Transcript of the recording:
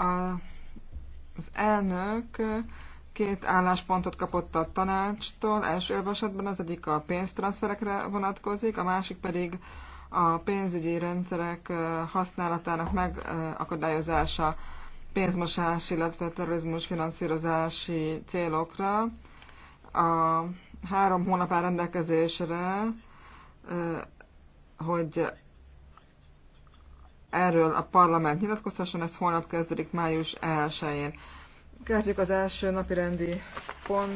A, az elnök két álláspontot kapott a tanácstól. Első olvasatban az egyik a pénztranszferekre vonatkozik, a másik pedig a pénzügyi rendszerek használatának megakadályozása pénzmosás, illetve terrorizmus finanszírozási célokra. A három hónap rendelkezésre, hogy erről a parlament nyilatkoztasson, ez holnap kezdődik május 1-én. Kezdjük az első napi rendi pont.